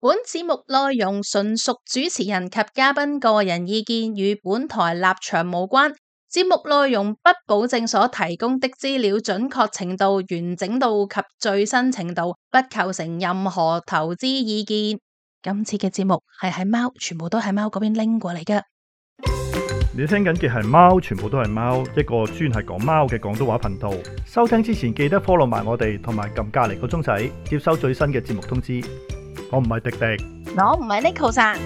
本節目內容純屬主持人及嘉賓個人意見，與本台立場無關。節目內容不保證所提供的資料準確程度、完整度及最新程度，不構成任何投資意見。今次嘅節目係喺貓，全部都係貓嗰邊拎過嚟㗎。你聽緊嘅係貓，全部都係貓，一個專係講貓嘅廣東話頻道。收聽之前記得 follow 埋我哋，同埋撳隔籬個鐘仔，接收最新嘅節目通知。我唔係迪迪，我唔係 Nicole sir，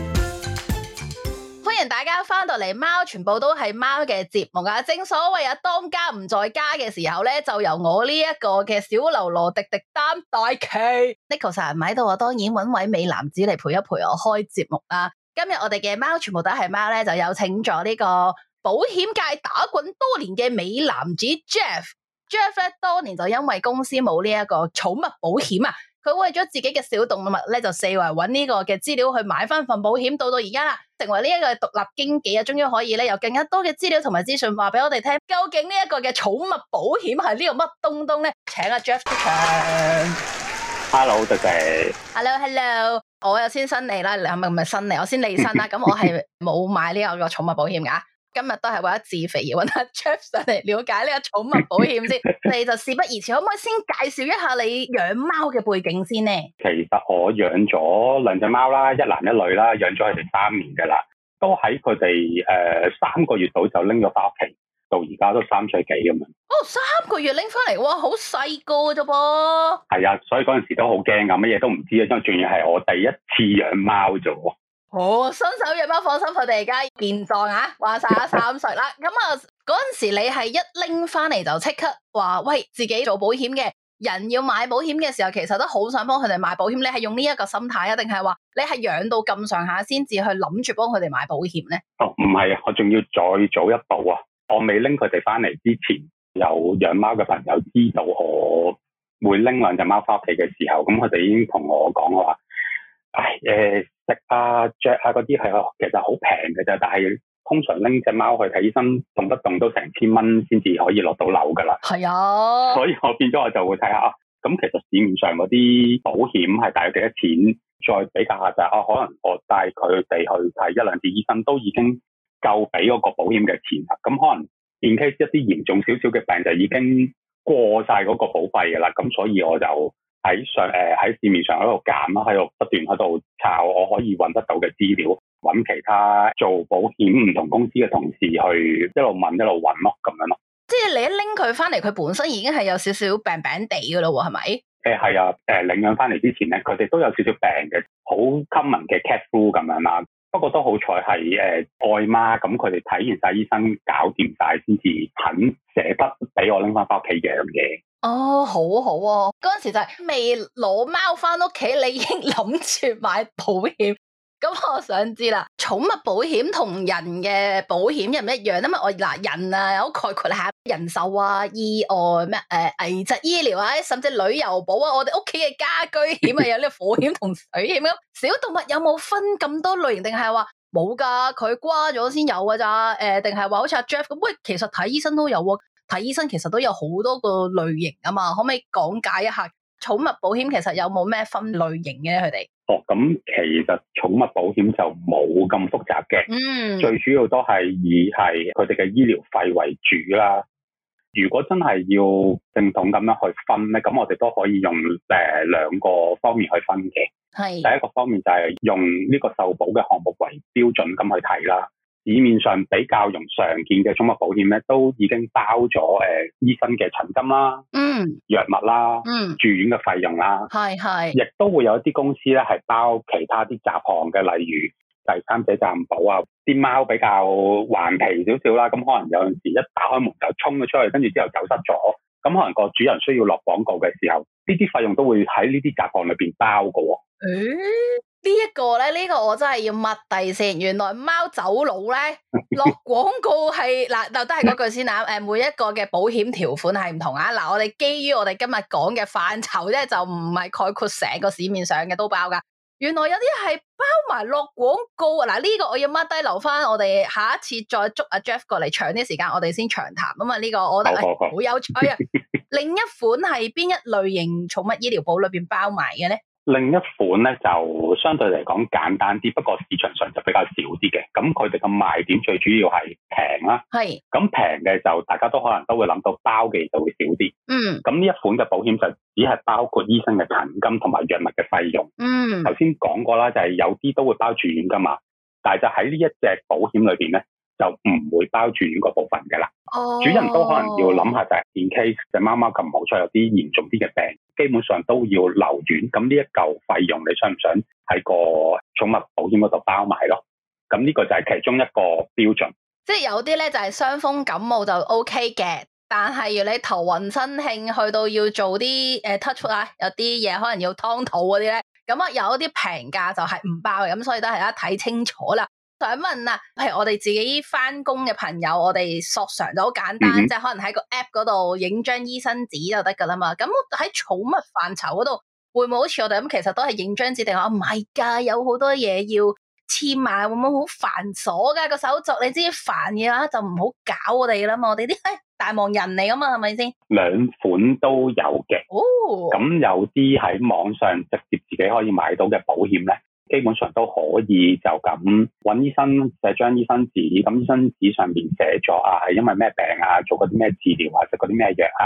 歡迎大家翻到嚟《貓全部都係貓》嘅節目啊！正所謂啊，當家唔在家嘅時候咧，就由我呢一個嘅小流羅迪迪擔大旗。Nicole sir 唔喺度，我當然揾位美男子嚟陪一陪我開節目啦。今日我哋嘅《貓全部都係貓》咧，就有請咗呢個保險界打滾多年嘅美男子 Jeff。 Jeff 咧，多年就因為公司冇呢一個寵物保險啊！佢為咗自己嘅小動物咧，就四圍揾呢個嘅資料去買翻份保險，到到而家啦，成為呢一個獨立經紀啊，終於可以咧有更加多嘅資料同埋資訊話俾我哋聽，究竟呢一個嘅寵物保險係呢個乜東東咧？請阿、啊、Jeff 出場。Hello，廸廸。Hello，Hello，我又先新嚟啦，你係咪唔係新嚟？我先你新啦，咁 我係冇買呢一個寵物保險噶。今日都係為咗自肥而揾阿 Jeff 上嚟了解呢個寵物保險先， 你就事不宜遲，可唔可以先介紹一下你養貓嘅背景先咧？其實我養咗兩隻貓啦，一男一女啦，養咗佢哋三年噶啦，都喺佢哋誒三個月就到就拎咗翻屋企，到而家都三歲幾咁樣。哦，三個月拎翻嚟喎，好細個啫噃。係啊，所以嗰陣時都好驚噶，乜嘢都唔知啊，因為仲要係我第一次養貓啫。哦，新手養貓放心，佢哋而家健壯啊，話晒阿三歲啦。咁 啊，嗰陣時你係一拎翻嚟就即刻話，喂，自己做保險嘅人要買保險嘅時候，其實都好想幫佢哋買保險。你係用呢一個心態啊，定係話你係養到咁上下先至去諗住幫佢哋買保險咧？哦，唔係，我仲要再早一步啊！我未拎佢哋翻嚟之前，有養貓嘅朋友知道我會拎兩隻貓翻屋企嘅時候，咁佢哋已經同我講話，唉，誒、uh。食啊、着啊嗰啲係啊，其實好平嘅啫。但係通常拎隻貓去睇醫生，動不動都成千蚊，先至可以落到樓噶啦。係啊、啊，所以我變咗我就會睇下，咁其實市面上嗰啲保險係大約幾多錢，再比較下就係、啊，可能我帶佢哋去睇一兩次醫生，都已經夠俾嗰個保險嘅錢啦。咁可能 in case 一啲嚴重少少嘅病就已經過晒嗰個保費噶啦。咁所以我就。喺上誒，喺、呃、市面上喺度揀咯，喺度不斷喺度抄，我可以揾得到嘅資料，揾其他做保險唔同公司嘅同事去一路問一路揾咯，咁樣咯。即係你一拎佢翻嚟，佢本身已經係有少少病病地㗎咯，係咪？誒係、呃、啊，誒、呃、領養翻嚟之前咧，佢哋都有少少病嘅，好 common 嘅 cat flu 咁樣啦。不過都好彩係誒愛媽，咁佢哋睇完晒醫生，搞掂晒，先至肯捨得俾我拎翻翻屋企嘅養嘅。哦、oh，好好、啊、哦，嗰陣時就係未攞貓翻屋企，你已經諗住買保險。咁 我想知啦，寵物保險同人嘅保險一唔一樣啊？嘛，我嗱人啊，有概括下人壽啊、意、啊、外咩誒、啊、危疾醫療啊、甚至旅遊保啊，我哋屋企嘅家居險啊，有啲 火險同水險啊。小動物有冇分咁多類型？定係話冇噶？佢瓜咗先有噶？咋、呃？誒，定係話好似阿 Jeff 咁？喂，其實睇醫生都有。睇醫生其實都有好多個類型啊嘛，可唔可以講解一下寵物保險其實有冇咩分類型嘅？佢哋哦，咁其實寵物保險就冇咁複雜嘅，嗯、最主要都係以係佢哋嘅醫療費為主啦。如果真係要正統咁樣去分咧，咁我哋都可以用誒、呃、兩個方面去分嘅。係，第一個方面就係用呢個受保嘅項目為標準咁去睇啦。市面上比較容常見嘅寵物保險咧，都已經包咗誒、呃、醫生嘅診金啦，嗯，藥物啦，嗯，住院嘅費用啦，係係是，亦都會有一啲公司咧係包其他啲雜項嘅，例如第三者責任保啊，啲貓比較頑皮少少啦，咁可能有陣時一打開門就衝咗出去，跟住之後走失咗，咁可能個主人需要落廣告嘅時候，呢啲費用都會喺呢啲雜項裏邊包㗎喎。呢一個咧，呢、這個我真係要 mark 低先。原來貓走佬咧，落廣告係嗱，又都係嗰句先啦。誒，每一個嘅保險條款係唔同啊。嗱，我哋基於我哋今日講嘅範疇咧，就唔係概括成個市面上嘅都包㗎。原來有啲係包埋落廣告啊。嗱，呢個我要 mark 低，留返我哋下一次再捉阿 Jeff 過嚟搶啲時間，我哋先長談啊嘛。呢、這個我覺得係好、 哎、有趣啊。另一款係邊一類型寵物醫療保裏邊包埋嘅咧？另一款咧就相對嚟講簡單啲，不過市場上就比較少啲嘅。咁佢哋嘅賣點最主要係平啦。係。咁平嘅就大家都可能都會諗到包嘅就會少啲。嗯。咁呢一款嘅保險就只係包括醫生嘅診金同埋藥物嘅費用。嗯。頭先講過啦，就係有啲都會包住院噶嘛，但係就喺呢一隻保險裏邊咧，就唔會包住院嗰部分嘅啦。Oh. 主人都可能要諗下就係，in case 隻貓貓咁唔好彩有啲嚴重啲嘅病，基本上都要留院。咁呢一嚿費用，你想唔想喺個寵物保險嗰度包埋咯？咁呢個就係其中一個標準。即係有啲咧就係、是、傷風感冒就 OK 嘅，但係如你頭暈身興，去到要做啲誒 touch、呃、啊，有啲嘢可能要劏肚嗰啲咧，咁啊有一啲平價就係唔包嘅，咁所以都係一睇清楚啦。想問啊，譬如我哋自己翻工嘅朋友，我哋索償就好簡單，嗯、哼即係可能喺個 app 嗰度影張醫生紙就得噶啦嘛。咁喺寵物範疇嗰度，會唔會好似我哋咁，其實都係影張紙定啊？唔係噶，有好多嘢要簽埋，會唔會好繁瑣噶，個手續？你知煩嘅話，就唔好搞我哋啦嘛。我哋啲大忙人嚟啊嘛，係咪先？兩款都有嘅，哦。咁有啲喺網上直接自己可以買到嘅保險咧，基本上都可以就咁揾醫生，就寫張、是、醫生紙，咁醫生紙上面寫咗啊，係因為咩病啊，做過啲咩治療啊，食嗰啲咩藥啊，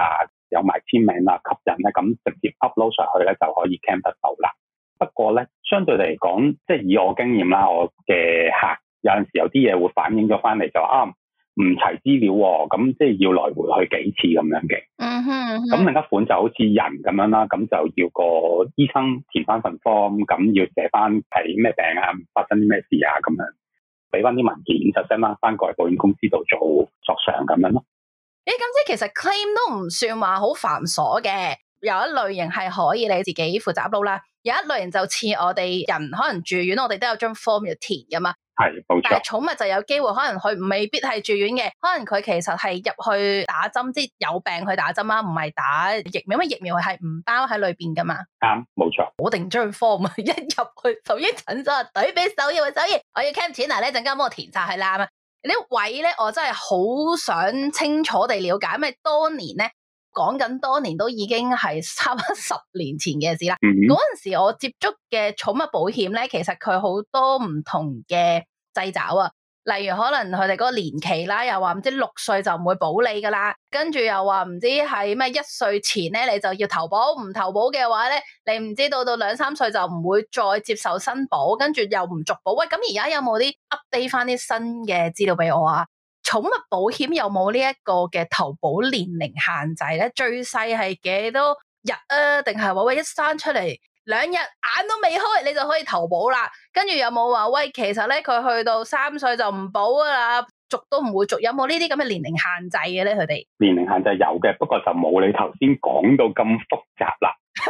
有埋簽名啊，吸引咧，咁直接 upload 上，上去咧就可以 claim 得到啦。不過咧，相對嚟講，即係以我經驗啦，我嘅客有陣時有啲嘢會反映咗翻嚟，就話啱。唔齊資料喎，咁即係要來回去幾次咁樣嘅、嗯。嗯哼，咁另一款就好似人咁樣啦，咁就要個醫生填翻份 form，咁要寫翻睇咩病啊，發生啲咩事啊，咁樣俾翻啲文件就即 send 翻翻過去保險公司度做作上咁樣咯。咦、欸，咁即係其實 claim 都唔算話好繁瑣嘅，有一類型係可以你自己負責到啦，有一類型就似我哋人可能住院，我哋都有張 form 要填噶嘛。係，但係寵物就有機會，可能佢未必係住院嘅，可能佢其實係入去打針，即係有病去打針啊，唔係打疫苗，因為疫苗係唔包喺裏邊噶嘛。啱，冇錯。我定張 form 一入去就醫診所，懟俾收爺嘅，收爺我要 cash 錢，嗱，一陣間幫我填就係啦。呢位咧，我真係好想清楚地了解，因為當年咧。講緊多年都已經係差唔多十年前嘅事啦。嗰陣、mm hmm. 時我接觸嘅寵物保險咧，其實佢好多唔同嘅掣肘啊。例如可能佢哋嗰個年期啦，又話唔知六歲就唔會保你噶啦。跟住又話唔知喺咩一歲前咧，你就要投保，唔投保嘅話咧，你唔知到到兩三歲就唔會再接受新保，跟住又唔續保。喂，咁而家有冇啲 update 翻啲新嘅資料俾我啊？寵物保險有冇呢一個嘅投保年齡限制咧？最細係幾多日啊？定係話，喂，一生出嚟兩日眼都未開，你就可以投保啦？跟住有冇話喂，其實咧，佢去到三歲就唔保噶啦？續都唔會續，有冇呢啲咁嘅年齡限制嘅咧？佢哋年齡限制有嘅，不過就冇你頭先講到咁複雜啦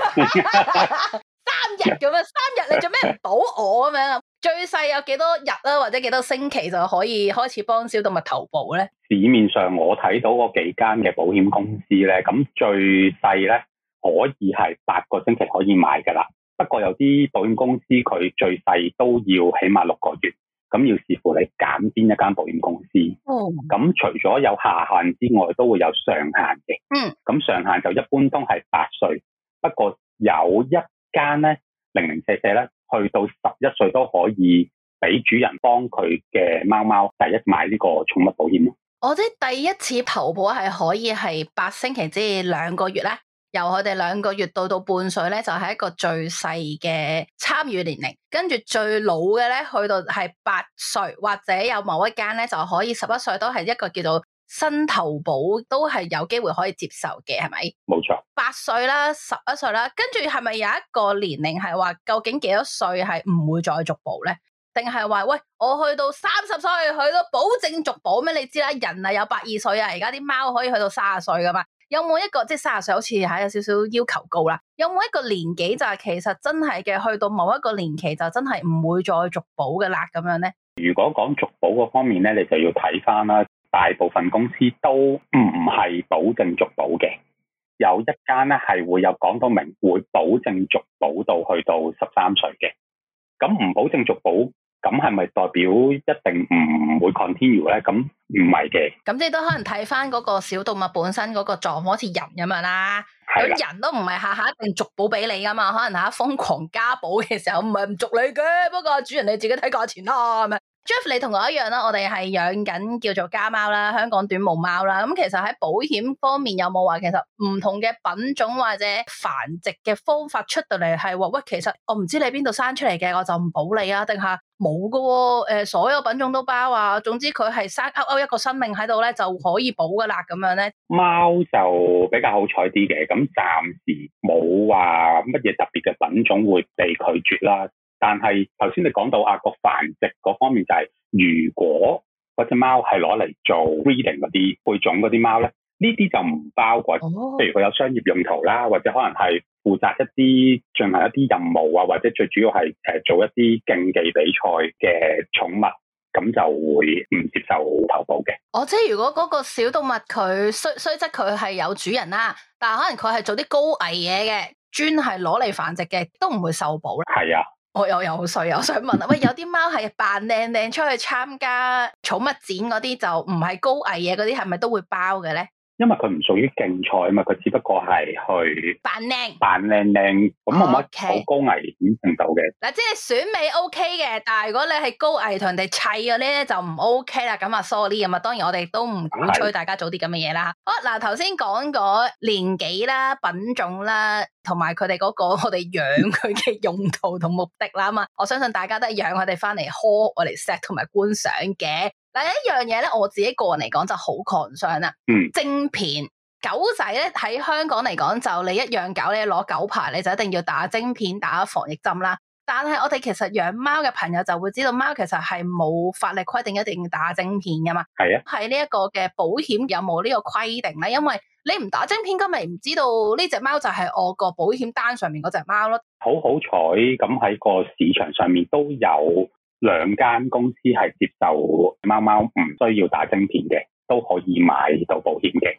三日咁啊，三日你做咩唔保我咁樣最細有幾多日啦，啊，或者幾多星期就可以開始幫小動物投保咧？市面上我睇到個幾間嘅保險公司咧，咁最細咧可以係八個星期可以買噶啦。不過有啲保險公司佢最細都要起碼六個月，咁要視乎你揀邊一間保險公司。哦，嗯。咁除咗有下限之外，都會有上限嘅。嗯。咁上限就一般都係八歲，不過有一間咧零零四四咧。去到十一歲都可以俾主人幫佢嘅貓貓第一買呢個寵物保險咯。我啲第一次投保係可以係八星期之兩個月咧，由佢哋兩個月到到半歲咧就係一個最細嘅參與年齡，跟住最老嘅咧去到係八歲或者有某一間咧就可以十一歲都係一個叫做。新投保都係有機會可以接受嘅，係咪？冇錯，八歲啦，十一歲啦，跟住係咪有一個年齡係話？究竟幾多歲係唔會再續保咧？定係話喂，我去到三十歲去到保證續保咩？你知啦，人啊有百二歲啊，而家啲貓可以去到三十歲噶嘛？有冇一個即係三十歲，好似係有少少要求高啦？有冇一個年紀就係其實真係嘅，去到某一個年期就真係唔會再續保嘅啦？咁樣咧？如果講續保嗰方面咧，你就要睇翻啦。大部分公司都唔係保證續保嘅，有一間咧係會有講到明會保證續保到去到十三歲嘅。咁唔保證續保，咁係咪代表一定唔會 continue 咧？咁唔係嘅。咁、嗯、即係都可能睇翻嗰個小動物本身嗰個狀況，好似人咁樣啦。咁人都唔係下下一定續保俾你噶嘛？可能吓瘋狂加保嘅時候唔係唔續你嘅，不過主人你自己睇價錢啦，咁啊。習 Jeff，你同我一樣啦，我哋係養緊叫做家貓啦，香港短毛貓啦。咁其實喺保險方面有冇話其實唔同嘅品種或者繁殖嘅方法出到嚟係話喂，其實我唔知你邊度生出嚟嘅，我就唔保你啊？定嚇冇噶喎？誒，所有品種都包啊。總之佢係生勾勾一個生命喺度咧，就可以保噶啦咁樣咧。貓就比較好彩啲嘅，咁暫時冇話乜嘢特別嘅品種會被拒絕啦。但係頭先你講到啊個繁殖嗰方面就係、是、如果嗰隻貓係攞嚟做 breeding 嗰啲配種嗰啲貓咧，呢啲就唔包括，譬、哦、如佢有商業用途啦，或者可能係負責一啲進行一啲任務啊，或者最主要係誒、呃、做一啲競技比賽嘅寵物，咁就會唔接受投保嘅。哦，即係如果嗰個小動物佢雖雖則，佢係有主人啦，但係可能佢係做啲高危嘢嘅，專係攞嚟繁殖嘅，都唔會受保啦。係啊。我又有碎，我想問啊，喂，有啲貓係扮靚靚出去參加寵物展嗰啲，就唔係高危嘢嗰啲，係咪都會包嘅咧？因為佢唔屬於競賽啊嘛，佢只不過係去扮靚名，扮靚靚咁冇乜好高危險程度嘅。嗱，Okay. 即係選美 OK 嘅，但係如果你係高危同人哋砌咗咧，就唔 OK 啦。咁啊，sorry 啊嘛，當然我哋都唔鼓吹大家做啲咁嘅嘢啦。嗯、好，嗱，頭先講咗年紀啦、品種啦，同埋佢哋嗰個我哋養佢嘅用途同目的啦啊嘛， 我相信大家都係養佢哋翻嚟呵，我哋 set 同埋觀賞嘅。第一樣嘢咧，我自己個人嚟講就好抗 o n 啦。嗯，晶片狗仔咧喺香港嚟講，就你一樣狗咧攞狗牌，你就一定要打晶片、打防疫針啦。但係我哋其實養貓嘅朋友就會知道，貓其實係冇法律規定一定要打晶片噶嘛。係啊，喺呢一個嘅保險有冇呢個規定咧？因為你唔打晶片，咁咪唔知道呢隻貓就係我個保險單上面嗰隻貓咯。好好彩，咁喺個市場上面都有。兩間公司係接受貓貓唔需要打晶片嘅，都可以買到保險嘅。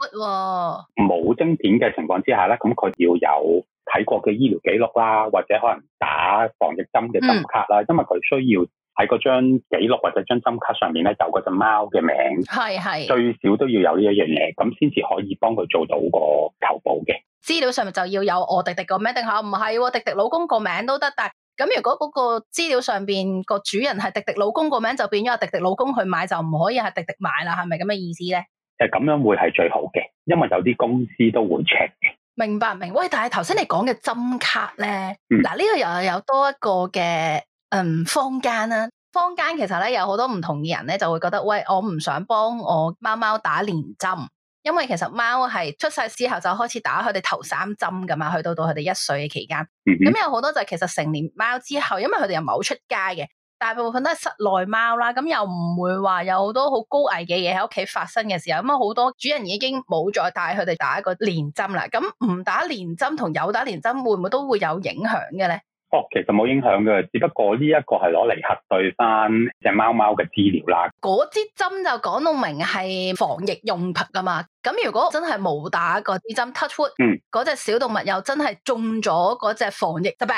冇、哦、晶片嘅情況之下咧，咁佢要有睇過嘅醫療記錄啦，或者可能打防疫針嘅針卡啦，嗯、因為佢需要喺嗰張記錄或者張針卡上面咧有嗰隻貓嘅名。係係是最少都要有呢一樣嘢，咁先至可以幫佢做到個投保嘅。資料上面就要有我迪迪個名，定下唔係迪迪老公個名都得，但。咁如果嗰個資料上邊個主人係迪迪老公個名，就變咗阿迪迪老公去買，就唔可以係迪迪買啦，係咪咁嘅意思咧？誒，咁樣會係最好嘅，因為有啲公司都會 check 嘅。明白明，喂，但係頭先你講嘅針卡咧，嗱呢、嗯這個又有多一個嘅嗯坊間啦，坊間、啊、其實咧有好多唔同嘅人咧就會覺得，喂，我唔想幫我貓貓打年針。因為其實貓係出世之後就開始打佢哋頭三針噶嘛，去到到佢哋一歲嘅期間，咁、mm hmm. 嗯、有好多就係其實成年貓之後，因為佢哋又冇出街嘅，大部分都係室內貓啦，咁又唔會話有好多好高危嘅嘢喺屋企發生嘅時候，咁啊好多主人已經冇再帶佢哋打一個年針啦。咁唔打年針同有打年針會唔會都會有影響嘅咧？哦，其實冇影響嘅，只不過呢一個係攞嚟核對翻隻貓貓嘅資料啦。嗰支針就講到明係防疫用品噶嘛，咁如果真係冇打支針 touch wood，嗰、嗯、隻小動物又真係中咗嗰隻防疫疾病，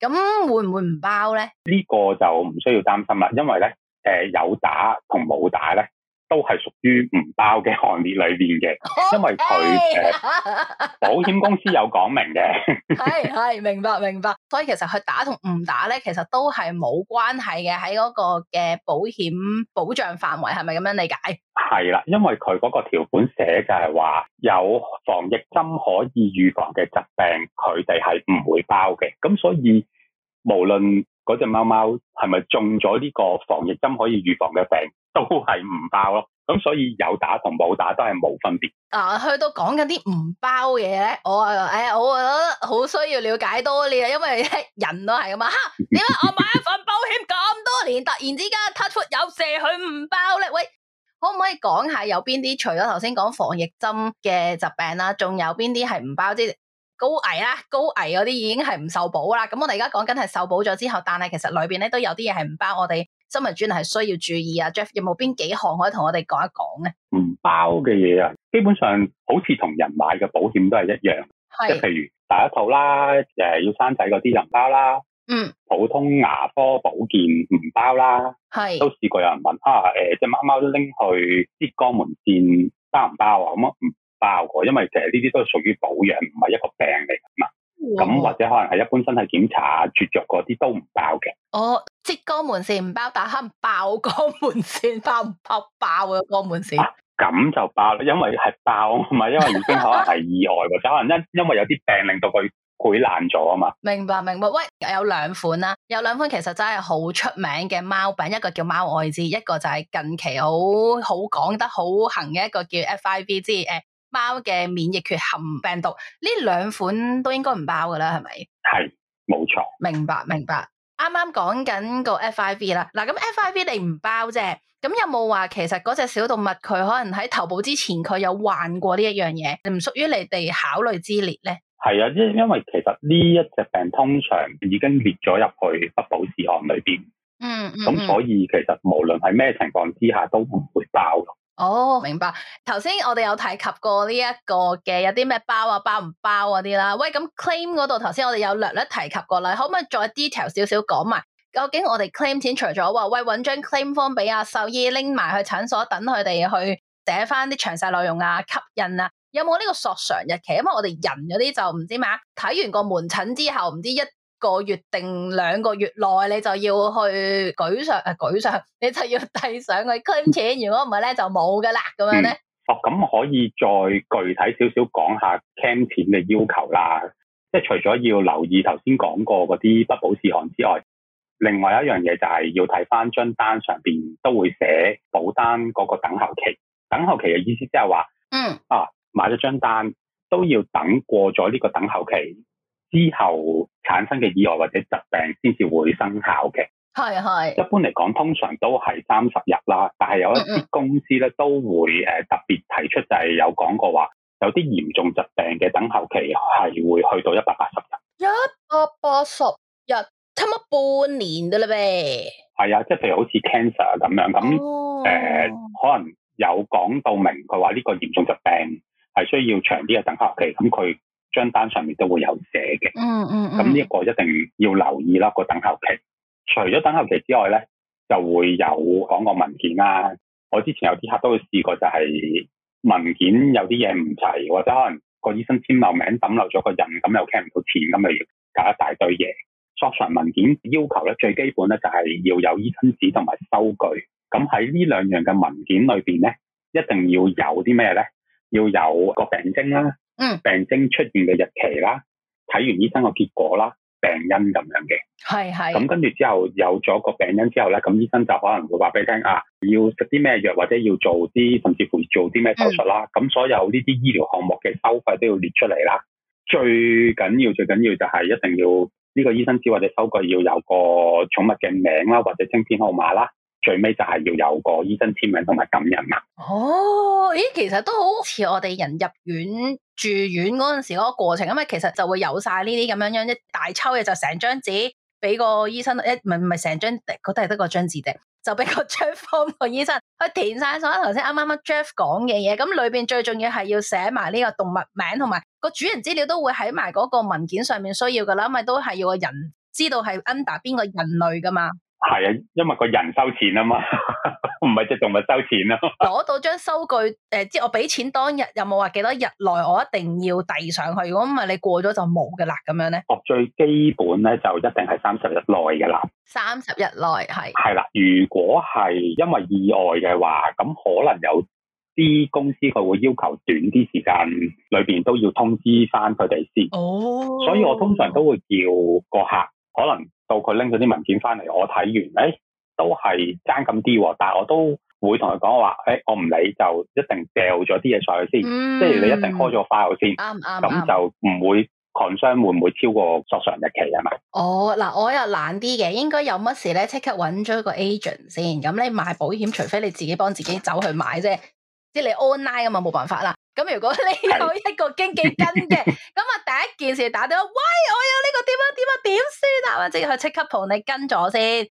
咁、啊、會唔會唔包咧？呢個就唔需要擔心啦，因為咧，誒、呃、有打同冇打咧。都係屬於唔包嘅，行列裏邊嘅，因為佢誒，保險公司有講明嘅。係係，明白明白，所以其實佢打同唔打呢，其實都係冇關係嘅。喺嗰個嘅保險保障範圍，係咪咁樣理解？係啦，因為佢嗰個條款寫就係話，有防疫針可以預防嘅疾病，佢哋係唔會包嘅。咁所以無論。嗰隻貓貓係咪中咗呢個防疫針可以預防嘅病都係唔包咯，咁所以有打同冇打都係冇分別。啊，佢都講緊啲唔包嘢咧，我誒我覺得好需要了解多啲啊，因為人都係咁啊，點解我買一份保險咁多年，突然之間突忽有蛇佢唔包咧？喂，可唔可以講下有邊啲？除咗頭先講防疫針嘅疾病啦，仲有邊啲係唔包啲？高危啦，高危嗰啲已經係唔受保啦。咁我哋而家講緊係受保咗之後，但係其實裏邊咧都有啲嘢係唔包。我哋新聞專業係需要注意啊。Jeff 有冇邊幾項可以同我哋講一講咧？唔包嘅嘢啊，基本上好似同人買嘅保險都係一樣。即係譬如打一套啦，誒要生仔嗰啲又唔包啦。嗯。普通牙科保健唔包啦。係。都試過有人問啊，誒，隻貓貓都拎去浙江門診包唔包啊？咁啊唔。包過，因為其實呢啲都屬於保養，唔係一個病嚟噶嘛。咁、哦、或者可能係一般身體檢查啊、絕育嗰啲都唔包嘅。哦，即光門線唔包，但係爆光門線爆唔爆爆啊！光門線咁、啊、就爆啦，因為係爆唔係因為已經可能係意外喎，就 可能因因為有啲病令到佢潰爛咗啊嘛。明白，明白，喂，有兩款啦、啊，有兩款其實真係好出名嘅貓病，一個叫貓艾滋，一個就係近期好好講得好行嘅一個叫 FIP 即誒。包嘅免疫缺陷病毒呢兩款都應該唔包噶啦，係咪？係，冇錯。明白，明白。啱啱講緊個 FIV 啦，嗱咁 FIV 你唔包啫。咁有冇話其實嗰隻小動物佢可能喺投保之前佢有患過呢一樣嘢，唔屬於你哋考慮之列咧？係啊，因因為其實呢一隻病通常已經列咗入去不保事案裏邊。嗯。嗯。咁，嗯，所以其實無論係咩情況之下都唔會包。哦，明白。頭先我哋有提及過呢一個嘅有啲咩包啊，包唔包嗰啲啦。喂，咁 claim 嗰度頭先我哋有略略提及過啦，可唔可以再 detail 少少講埋？究竟我哋 claim 錢除咗話喂搵張 claim form 俾阿獸醫拎埋去診所，等佢哋去寫翻啲詳細內容啊、吸引啊，有冇呢個索償日期？因為我哋人嗰啲就唔知嘛、啊，睇完個門診之後唔知一。個月定兩個月內，你就要去舉上誒、啊，舉上你就要遞上去 claim 錢。如果唔係咧，就冇噶啦。咁樣咧、嗯，哦，咁可以再具體少少講下 claim 錢嘅要求啦。即係除咗要留意頭先講過嗰啲不保事項之外，另外一樣嘢就係要睇翻張單上邊都會寫保單嗰個等候期。等候期嘅意思即係話，嗯，啊，買咗張單都要等過咗呢個等候期。之後產生嘅意外或者疾病先至會生效嘅，係係。一般嚟講，通常都係三十日啦，但係有一啲公司咧、嗯嗯、都會誒、呃、特別提出就，就係有講過話有啲嚴重疾病嘅等候期係會去到一百八十日。一百八十日，差唔多半年噶啦唄。係啊，即係譬如好似 cancer 咁樣咁誒、哦呃，可能有講到明佢話呢個嚴重疾病係需要長啲嘅等候期，咁佢。張單上面都會有寫嘅，嗯嗯咁呢個一定要留意啦。個等候期，除咗等候期之外咧，就會有嗰個文件啦、啊。我之前有啲客都會試過，就係文件有啲嘢唔齊，或者可能個醫生簽漏名，名、抌漏咗個人，咁又 claim 唔到錢，咁又搞一大堆嘢。索償文件要求咧，最基本咧就係要有醫生紙同埋收據。咁喺呢兩樣嘅文件裏邊咧，一定要有啲咩咧？要有個病徵啦、啊。嗯，病徵出現嘅日期啦，睇完醫生個結果啦，病因咁樣嘅，係係是，咁跟住之後有咗個病因之後咧，咁醫生就可能會話俾你聽啊，要食啲咩藥或者要做啲，甚至乎做啲咩手術啦，咁、嗯、所有呢啲醫療項目嘅收費都要列出嚟啦、嗯。最緊要最緊要就係一定要呢個醫生紙或者收據要有個寵物嘅名啦，或者晶片號碼啦。最尾就係要有個醫生簽名同埋㩒印嘛？哦，咦，其實都好似我哋人入院住院嗰陣時嗰個過程咁啊，其實就會有晒呢啲咁樣樣，一大抽嘢就成張紙俾個醫生一唔係唔係成張，嗰都係得個張紙的，就俾個 Jeff 幫個醫生去填晒所有頭先啱啱 Jeff 講嘅嘢。咁裏邊最重要係要寫埋呢個動物名同埋個主人資料都會喺埋嗰個文件上面需要噶啦，咪都係要個人知道係 under 邊個人類噶嘛。係啊，因為個人收錢啊嘛，唔係隻動物收錢咯。攞到張收據，誒、呃，即係我俾錢當日有冇話幾多日內我一定要遞上去？如果唔係你過咗就冇噶啦，咁樣咧？哦，最基本咧就一定係三十日內噶啦。三十日內係。係啦，如果係因為意外嘅話，咁可能有啲公司佢會要求短啲時間裏邊都要通知翻佢哋先。哦。所以我通常都會叫個客可能。到佢拎咗啲文件翻嚟，我睇完，哎，都係爭咁啲，但係我都會同佢講話，哎，我唔理，就一定掉咗啲嘢上去先，即係、嗯、你一定開咗個 file 先，啱唔啱？咁、嗯、就唔會 concern、嗯嗯、會唔會超過索償日期係嘛？哦，嗱，我又懶啲嘅，應該有乜事咧，即刻揾咗個 agent 先。咁你買保險，除非你自己幫自己走去買啫，即係你 online 咁啊，冇辦法啦。咁如果你有一個經紀跟嘅，咁啊 第一件事打電話，喂，我有呢個點啊點啊點算啊，即係去即刻同你跟咗先，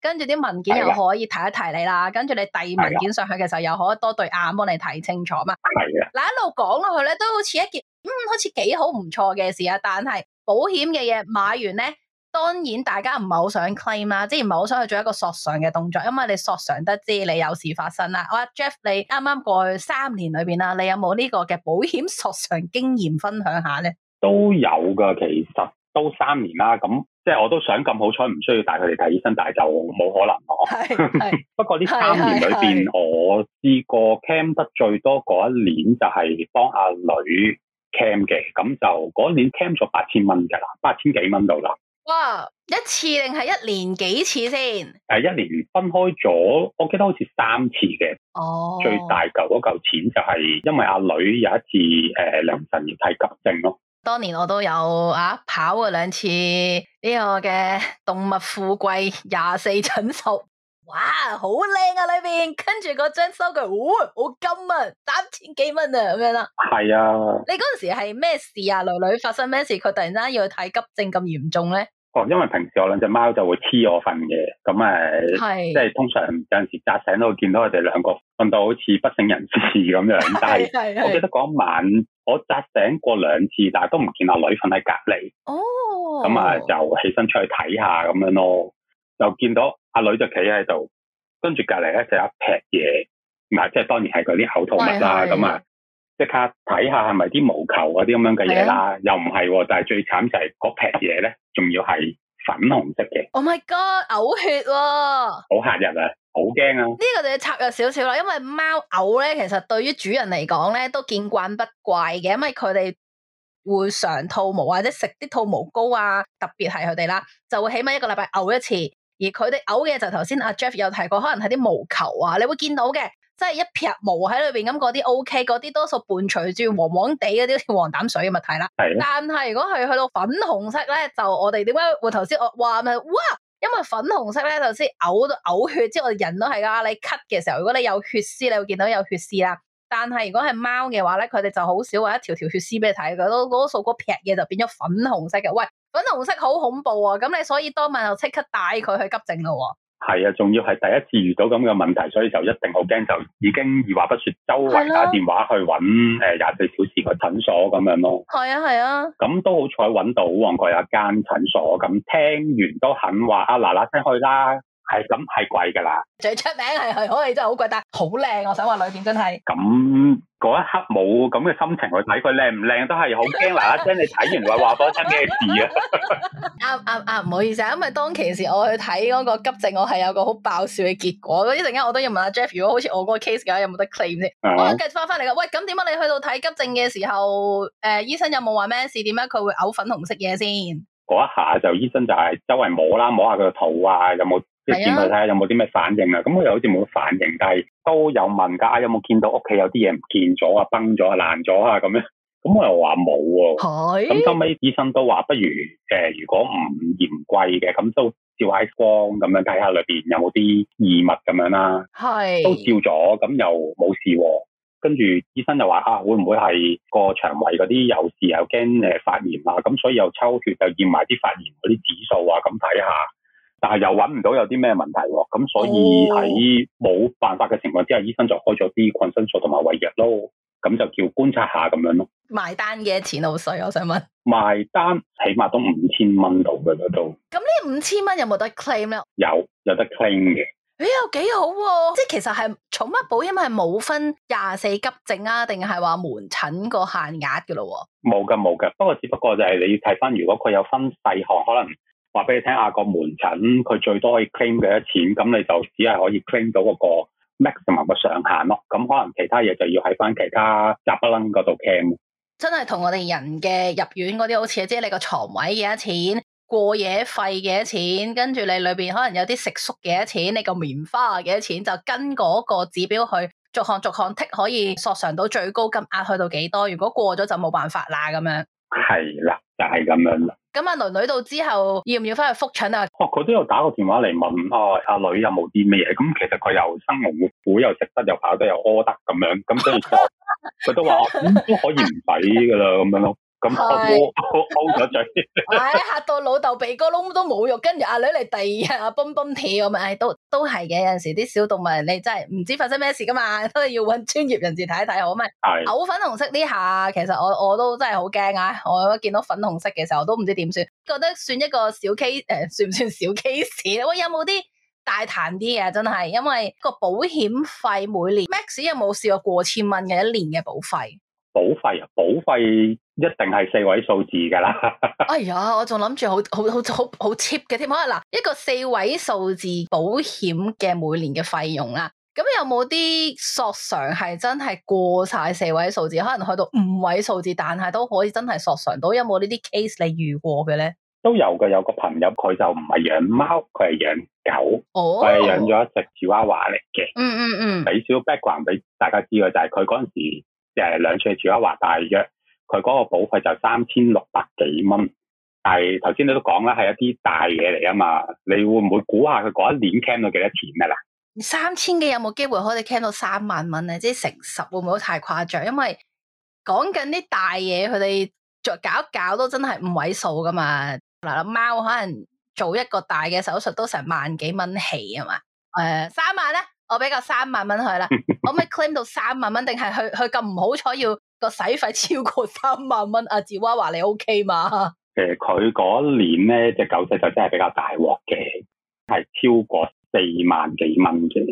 跟住啲文件又可以提一提你啦，的跟住你遞文件上去嘅時候的又可以多對眼幫你睇清楚嘛。係嗱的一路講落去咧，都好似一件，嗯，好似幾好唔錯嘅事啊，但係保險嘅嘢買完咧。當然，大家唔係好想 claim 啦，即係唔係好想去做一個索償嘅動作，因為你索償得知你有事發生啦。我阿 Jeff，你啱啱過去三年裏邊啦，你有冇呢個嘅保險索償經驗分享下咧？都有㗎，其實都三年啦。咁即係我都想咁好彩，唔需要帶佢哋睇醫生，但係就冇可能咯。不過呢三年裏邊，係係係我試過 claim 得最多嗰一年就係幫阿女 claim 嘅，咁就嗰年 claim 咗八千蚊㗎啦，八千幾蚊到啦。哇！一次定係一年幾次先？誒、啊，一年分開咗，我記得好似三次嘅。哦，最大嚿嗰嚿錢就係因為阿女有一次誒凌晨睇急症咯。當年我都有啊跑過兩次呢個嘅動物富貴廿四診所。哇，好靚啊！裏邊跟住嗰張收據，好金啊，三千幾蚊啊咁樣啦。係啊。啊你嗰陣時係咩事啊？女女發生咩事？佢突然間要去睇急症咁嚴重咧？因為平時我兩隻貓就會黐我瞓嘅，咁誒，即係通常有陣時扎醒都會見到佢哋兩個瞓到好似不省人事咁樣。 但係我記得嗰晚我扎醒過兩次，但係都唔見阿女瞓喺隔離。哦，咁啊，就起身出去睇下咁樣咯，就見到阿女就企喺度，跟住隔離咧就一劈嘢，唔係即係當然係佢啲口吐物啦，咁啊是。即刻睇下係咪啲毛球嗰啲咁樣嘅嘢啦，啊、又唔係、啊，但係最慘就係嗰撇嘢咧，仲要係粉紅色嘅。Oh my god！嘔血喎，好吓人啊，好驚啊！呢個就要插入少少啦，因為貓嘔咧，其實對於主人嚟講咧都見慣不怪嘅，因為佢哋會常吐毛或者食啲吐毛膏啊，特別係佢哋啦，就會起碼一個禮拜嘔一次。而佢哋嘔嘅就頭先阿 Jeff 有提過，可能係啲毛球啊，你會見到嘅。即係一撇毛喺裏邊咁，嗰啲 O K，嗰啲多數伴隨住黃黃地嗰啲黃膽水嘅物體啦。係的。但係如果係去到粉紅色咧，就我哋點解？我頭先我哇咩？哇，因為粉紅色咧，頭先嘔嘔血之，即係我哋人都係噶。你咳嘅時候，如果你有血絲，你會見到有血絲啦。但係如果係貓嘅話咧，佢哋就好少話一條條血絲俾你睇嘅。都多數嗰撇嘢就變咗粉紅色嘅。喂，粉紅色好恐怖啊、哦！咁你所以當晚就即刻帶佢去急症咯、哦。係啊，仲要係第一次遇到咁嘅問題，所以就一定好驚，就已經二話不説，周圍打電話去揾廿四小時個診所咁樣咯。係啊係啊，咁、啊、都好彩揾到旺角有一間診所，咁聽完都肯話啊，嗱嗱聲去啦。係咁，係貴噶啦。最出名係，可以真係好貴，但係好靚。我想話裏邊真係。咁嗰一刻冇咁嘅心情去睇佢靚唔靚，都係好驚喇喇聲。 你睇完話話嗰出嘅事啊？啊啊啊！唔好意思，啊。因為當其時我去睇嗰個急症，我係有個好爆笑嘅結果。嗰一陣間我都要問阿、啊、Jeff，如果好似我嗰個 case 嘅話、嗯嗯，有冇得 claim 先？我繼續翻翻嚟啦。喂，咁點解你去到睇急症嘅時候，誒、呃，醫生有冇話咩事？點解佢會嘔粉紅色嘢先？嗰一下就醫生就係周圍摸啦，摸下佢個肚啊，有冇？即係檢查睇下有冇啲咩反應啊，咁佢又好似冇反應，但係都有問㗎，有冇見到屋企有啲嘢唔見咗啊、崩咗啊、爛咗啊咁樣？咁我又話冇喎，咁收尾醫生都話不如誒、呃，如果唔嫌貴嘅，咁都照下光咁樣睇下裏邊有冇啲異物咁樣啦、啊，是都照咗，咁又冇事喎、啊。跟住醫生就話啊，會唔會係個腸胃嗰啲有事、啊，又驚誒發炎啊，咁所以又抽血又驗埋啲發炎嗰啲指數啊，咁睇下。但係又揾唔到有啲咩問題、啊，咁所以喺冇辦法嘅情況之下，哦、醫生就開咗啲抗生素同埋胃藥咯，咁就叫觀察下咁樣咯。埋單嘅錢好水，我想問。埋單起碼都五千蚊度嘅都。咁呢五千蚊有冇得 claim 咧？有得有得 claim 嘅。哎呀，幾好、啊，即係其實係寵物保險係冇分廿四急症啊，定係話門診個限額嘅咯。冇噶冇噶，不過只不過就係你要睇翻，如果佢有分細項，可能。話俾你聽下個門診佢最多可以 claim 幾多錢，咁你就只係可以 claim 到嗰個 maximum 嘅上限咯。咁可能其他嘢就要喺翻其他雜不楞嗰度 claim。真係同我哋人嘅入院嗰啲好似，即係你個床位幾多錢，過夜費幾多錢，跟住你裏邊可能有啲食宿幾多錢，你個棉花啊幾多錢，就跟嗰個指標去逐項逐項剔，可以索償到最高金額去到幾多？如果過咗就冇辦法啦，咁樣。係啦。就係咁樣啦。咁阿女女到之後要唔要翻去復診啊？哦，佢都有打個電話嚟問，哦，阿女有冇啲咩嘢？咁、嗯、其實佢又生龍活虎，又食得又跑得又屙得咁樣，咁、嗯、所以佢 都話，咁、嗯、都可以唔使噶啦，咁樣咯。係，係吓、嗯 哎、到老豆鼻哥窿都冇肉，跟住阿、啊、女嚟第二日啊，蹦蹦跳咪，唉、哎、都都係嘅。有陣時啲小動物你真係唔知發生咩事噶嘛，都要搵專業人士睇一睇好咪。係，嘔粉紅色呢下，其實我我都真係好驚啊！我見到粉紅色嘅時候，我都唔知點算，覺得算一個小 case，誒、呃，算唔算小 case 喂？有冇啲大彈啲啊？真係，因為個保險費每年 max 有冇試過，過過千蚊嘅一年嘅保費？保費啊，保費一定係四位數字噶啦。哎呀，我仲諗住好好好好好 cheap 嘅添。可能嗱，一個四位數字保險嘅每年嘅費用啦，咁有冇啲索償係真係過晒四位數字，可能去到五位數字，但係都可以真係索償到，有冇呢啲 case 你遇過嘅咧？都有嘅，有個朋友佢就唔係養貓，佢係養狗，佢係養咗一隻吉娃娃嚟嘅。嗯嗯嗯，俾少 background 俾大家知嘅就係佢嗰陣時。誒兩歲住一華大約，佢嗰個保費就三千六百幾蚊。但係頭先你都講啦，係一啲大嘢嚟啊嘛，你會唔會估下佢嗰一年 can 到幾多錢噶啦？三千幾有冇機會可以 can 到三萬蚊咧？即係成十會唔會太誇張？因為講緊啲大嘢，佢哋再搞一搞都真係五位數噶嘛。嗱，貓可能做一個大嘅手術都成萬幾蚊起啊嘛。誒、呃，三萬咧、啊？我俾個三萬蚊佢啦，可唔可以 claim 到三萬蚊？定係佢佢咁唔好彩要個使費超過三萬蚊？阿志娃話你 O K 嘛？誒，佢嗰年咧隻狗仔就真係比較大鑊嘅，係超過四萬幾蚊嘅。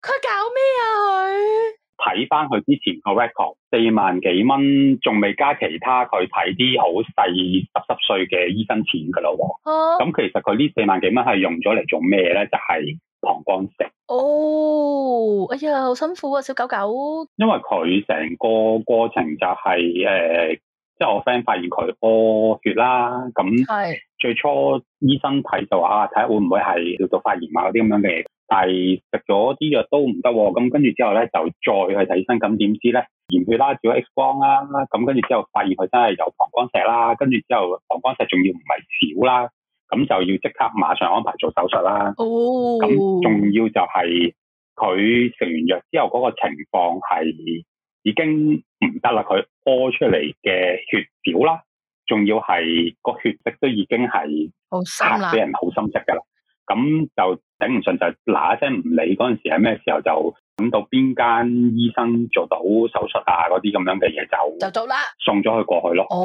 佢搞咩啊？佢睇翻佢之前個 record，四萬幾蚊仲未加其他，他，佢睇啲好細十十歲嘅醫生錢噶啦。咁、啊、其實佢呢四萬幾蚊係用咗嚟做咩咧？就係、是。膀胱石哦，oh, 哎呀，好辛苦啊，小狗狗。因為佢成個過程就係、是、誒，即、呃、係、就是、我 friend 發現佢屙血啦，咁係最初醫生睇就話啊，睇下會唔會係尿道發炎啊嗰啲咁樣嘅，但係食咗啲藥都唔得，咁跟住之後咧就再去睇醫生，咁點知咧，驗血啦，照 X 光啦，咁跟住之後發現佢真係有膀胱石啦，跟住之後膀胱石仲要唔係少啦。咁就要即刻馬上安排做手術啦。哦，咁仲要就係佢食完藥之後嗰個情況係已經唔得啦。佢屙出嚟嘅血表啦，仲要係個血色都已經係好、oh, 深啦，俾人好心塞㗎啦。咁就頂唔順，就嗱一聲唔理。嗰陣時係咩時候就揾到邊間醫生做到手術啊？嗰啲咁樣嘅嘢就就做啦，送咗佢過去咯。哦、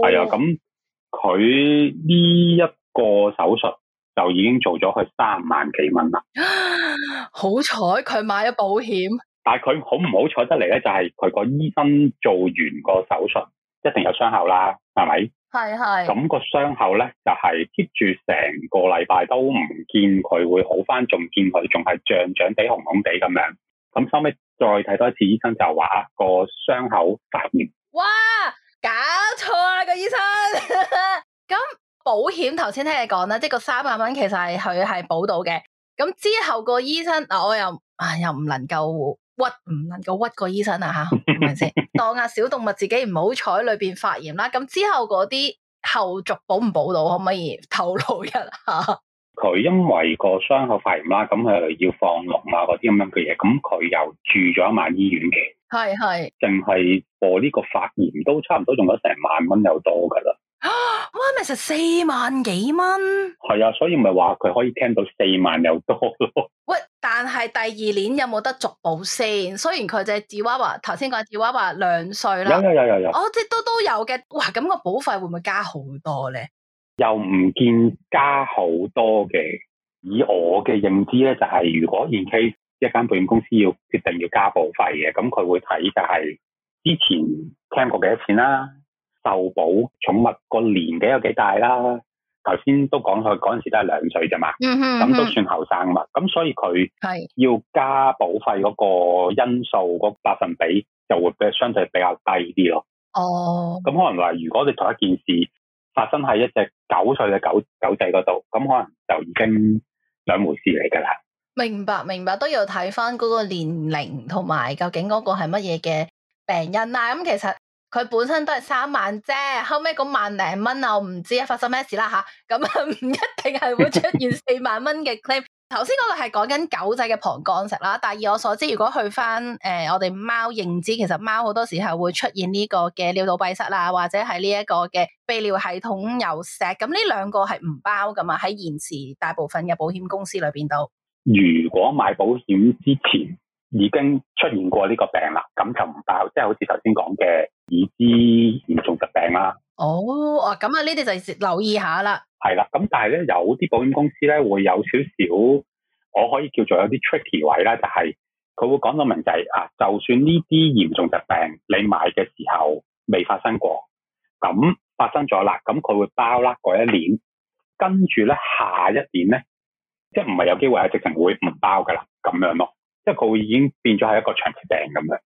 oh, 係啊，咁佢呢一個手術就已經做咗佢三萬幾蚊啦， 好彩佢買咗保險，但係佢好唔好彩得嚟咧？就係佢個醫生做完個手術，一定有傷口啦，係咪？係係是。咁個傷口咧，就係 keep 住成個禮拜都唔見佢會好翻，仲見佢仲係脹脹地、長長紅紅地咁樣。咁收尾再睇多一次醫生就話啊，個傷口發炎。哇！搞錯啊，這個醫生咁。 保險頭先聽你講咧，即係個三百蚊其實係佢係保到嘅。咁之後個醫生，我又啊又唔能夠屈唔能夠屈個醫生啊吓，係咪先？ 當下小動物自己唔好彩裏邊發炎啦。咁之後嗰啲後續保唔保到，可唔可以透露一下？佢因為個傷口發炎啦，咁佢要放膿啊，嗰啲咁樣嘅嘢。咁佢又住咗一晚醫院嘅，係，係淨係播呢個發炎都差唔多用咗成萬蚊有多噶啦。哇！咪就四萬幾蚊，係啊，所以咪話佢可以聽到四萬又多咯。喂，但係第二年有冇得續保先？雖然佢隻芝娃娃頭先講芝娃娃兩歲啦，有有有有有，我、哦、即都都有嘅。哇！咁、那個保費會唔會加好多咧？又唔見加好多嘅。以我嘅認知咧，就係、是、如果現期一間保險公司要決定要加保費嘅，咁佢會睇，就係之前聽過幾多錢啦、啊。嗯受保寵物個年紀有幾大啦？頭先都講佢嗰陣時都係兩歲啫嘛，咁都算後生嘛，咁所以佢要加保費嗰個因素嗰百分比就會比相對比較低啲咯。哦，咁可能話，如果你同一件事發生喺一隻九歲嘅狗狗仔嗰度，咁可能就已經兩回事嚟噶啦。明白，明白，都要睇翻嗰個年齡同埋究竟嗰個係乜嘢嘅病因啦啊。咁其實。佢本身都係三萬啫，後尾嗰萬零蚊啊，我唔知發生咩事啦嚇。咁啊，唔一定係會出現四萬蚊嘅 claim。頭先嗰個係講緊狗仔嘅膀胱石啦，但係以我所知，如果去翻誒、呃、我哋貓認知，其實貓好多時候會出現呢個嘅尿道閉塞啦，或者係呢一個嘅泌尿系統有石，咁呢兩個係唔包噶嘛？喺現時大部分嘅保險公司裏邊度，如果買保險之前已經出現過呢個病啦，咁就唔包，即係好似頭先講嘅。已知嚴重疾病啦。哦，咁啊，呢啲就留意下啦。係啦，咁但係咧，有啲保險公司咧會有少少，我可以叫做有啲 tricky 位咧，但就係佢會講到明，就係啊，就算呢啲嚴重疾病你買嘅時候未發生過，咁發生咗啦，咁佢會包啦嗰一年，跟住咧下一年咧，即係唔係有機會係直情會唔包噶啦，咁樣咯，即係佢會已經變咗係一個長期病咁樣，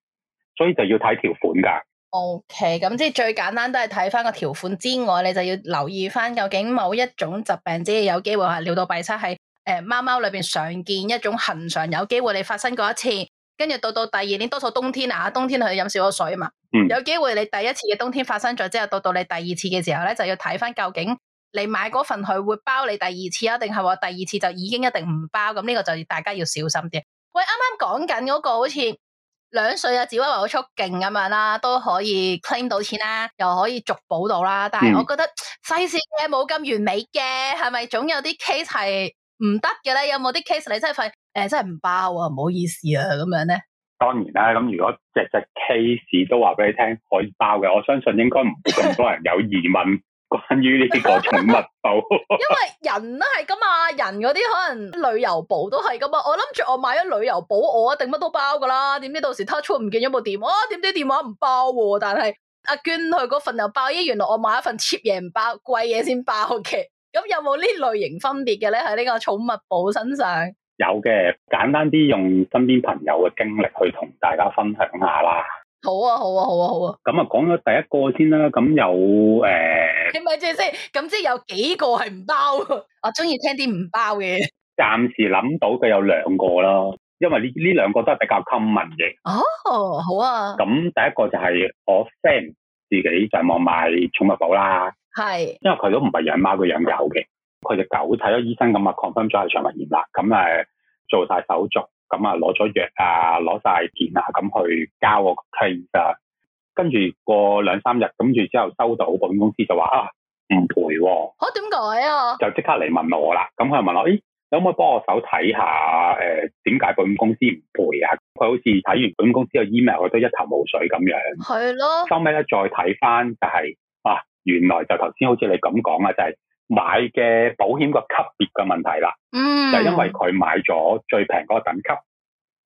所以就要睇條款噶。O K，咁即係最簡單都係睇翻個條款之外，你就要留意翻究竟某一種疾病，即係有機會係尿道閉塞，係誒貓貓裏邊常見一種，恆常有機會你發生過一次，跟住到到第二年，多數冬天啊，冬天佢飲少咗水啊嘛，有機會你第一次嘅冬天發生咗之後，到到你第二次嘅時候咧，就要睇翻究竟你買嗰份佢會包你第二次啊，定係話第二次就已經一定唔包？咁呢個就大家要小心啲。喂，啱啱講緊嗰個好似。兩歲啊，自衛維修勁咁樣啦，都可以 claim 到錢啦，又可以續保到啦。但係我覺得、嗯、世事嘅冇咁完美嘅，係咪總有啲 case 係唔得嘅咧？有冇啲 case 你真係費誒，真係唔包啊？唔好意思啊，咁樣咧？當然啦，咁如果隻只 case 都話俾你聽可以包嘅，我相信應該唔會咁多人有疑問。 關於呢啲個寵物保， 因為人都係噶嘛，人嗰啲可能旅遊保都係噶嘛。我諗住我買咗旅遊保，我一定乜都包噶啦。點知到時 touch 唔見咗部電話，我點、啊、知電話唔包喎？但係阿娟佢嗰份又包，咦？原來我買一份 cheap 嘢唔包，貴嘢先包嘅。咁有冇呢類型分別嘅咧？喺呢個寵物保身上有嘅，簡單啲用身邊朋友嘅經歷去同大家分享下啦。好啊，好啊，好啊，好啊！咁啊，講咗第一個先啦，咁有誒，你、呃、咪即係先，咁即係有幾個係唔包嘅，我中意聽啲唔包嘅。暫時諗到嘅有兩個啦，因為呢呢兩個都係比較 common 嘅。哦，好啊。咁第一個就係我 friend 自己就望買寵物保啦，係是，因為佢都唔係養貓，佢養狗嘅，佢隻狗睇咗醫生咁啊，confirm 咗係腸胃炎啦，咁誒做晒手續。咁啊，攞咗藥啊，攞晒片啊，咁去交個 claim 啊，跟住過兩三日，跟住之後收到保險公司就話啊，唔賠喎。嚇？點解啊？啊就即刻嚟問我啦。咁佢又問我，咦，你可唔可以幫我手睇下誒點解保險公司唔賠啊？佢好似睇完保險公司個 email，我都一頭霧水咁樣。係咯的。收尾咧，再睇翻就係啊，原來就頭先好似你咁講啊，就係、是。買嘅保險個級別嘅問題啦，嗯、就係因為佢買咗最平嗰個等級，